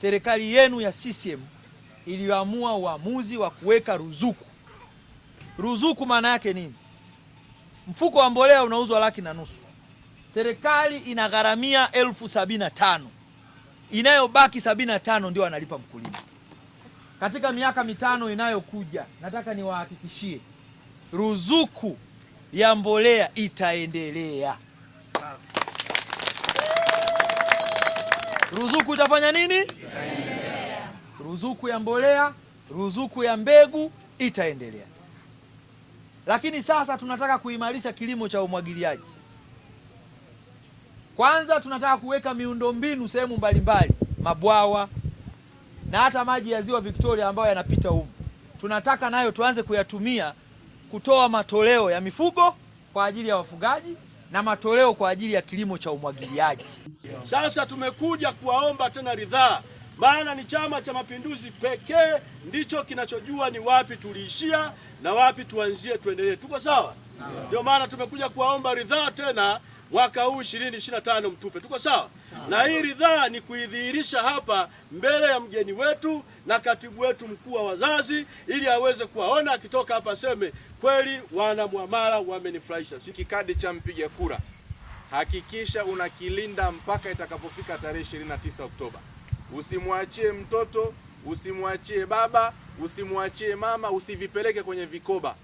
Serikali yenu ya CCM iliyoamua uamuzi wa kuweka ruzuku. Ruzuku maana yake nini? Mfuko wa mbolea unauzwa laki na nusu, serikali inagharamia elfu sabini na tano inayobaki sabini na tano ndio analipa mkulima. Katika miaka mitano inayokuja, nataka niwahakikishie ruzuku ya mbolea itaendelea. ruzuku itafanya nini? Itaendelea. Ruzuku ya mbolea, ruzuku ya mbegu itaendelea. Lakini sasa tunataka kuimarisha kilimo cha umwagiliaji. Kwanza tunataka kuweka miundombinu sehemu mbalimbali, mabwawa na hata maji ya ziwa Victoria ambayo yanapita humu, tunataka nayo tuanze kuyatumia kutoa matoleo ya mifugo kwa ajili ya wafugaji na matoleo kwa ajili ya kilimo cha umwagiliaji. Sasa tumekuja kuwaomba tena ridhaa, maana ni Chama cha Mapinduzi pekee ndicho kinachojua ni wapi tuliishia na wapi tuanzie, tuendelee. Tuko sawa? Ndio maana tumekuja kuwaomba ridhaa tena mwaka huu 2025 mtupe. Tuko sawa? Na hii ridhaa ni kuidhihirisha hapa mbele ya mgeni wetu na katibu wetu mkuu wa wazazi, ili aweze kuwaona akitoka hapa aseme kweli, wana Mwamala wamenifurahisha. Kikadi cha mpiga kura hakikisha unakilinda mpaka itakapofika tarehe 29 Oktoba. Usimwachie mtoto, usimwachie baba, usimwachie mama, usivipeleke kwenye vikoba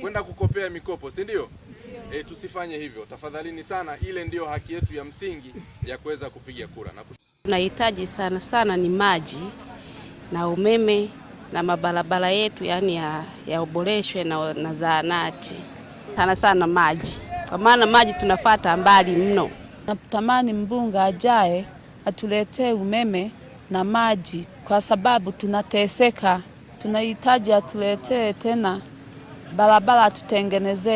kwenda kukopea mikopo, si ndio? e, tusifanye hivyo tafadhalini sana. Ile ndiyo haki yetu ya msingi ya kuweza kupiga kura na tunahitaji sana sana ni maji na umeme na mabarabara yetu yani yaoboreshwe ya na, na sana sana maji, kwa maana maji tunafata mbali mno. Natamani mbunga ajae atuletee umeme na maji, kwa sababu tunateseka. Tunahitaji atuletee tena barabara, atutengenezee.